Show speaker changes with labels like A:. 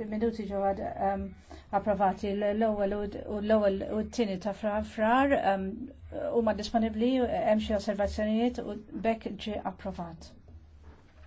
A: il-minuti ġo um, approvati l-ewwel u l-ewwel u t-tieni ta' frar um, huma disponibbli hemm xi osservazzjonijiet u bekk
B: ġie approvat.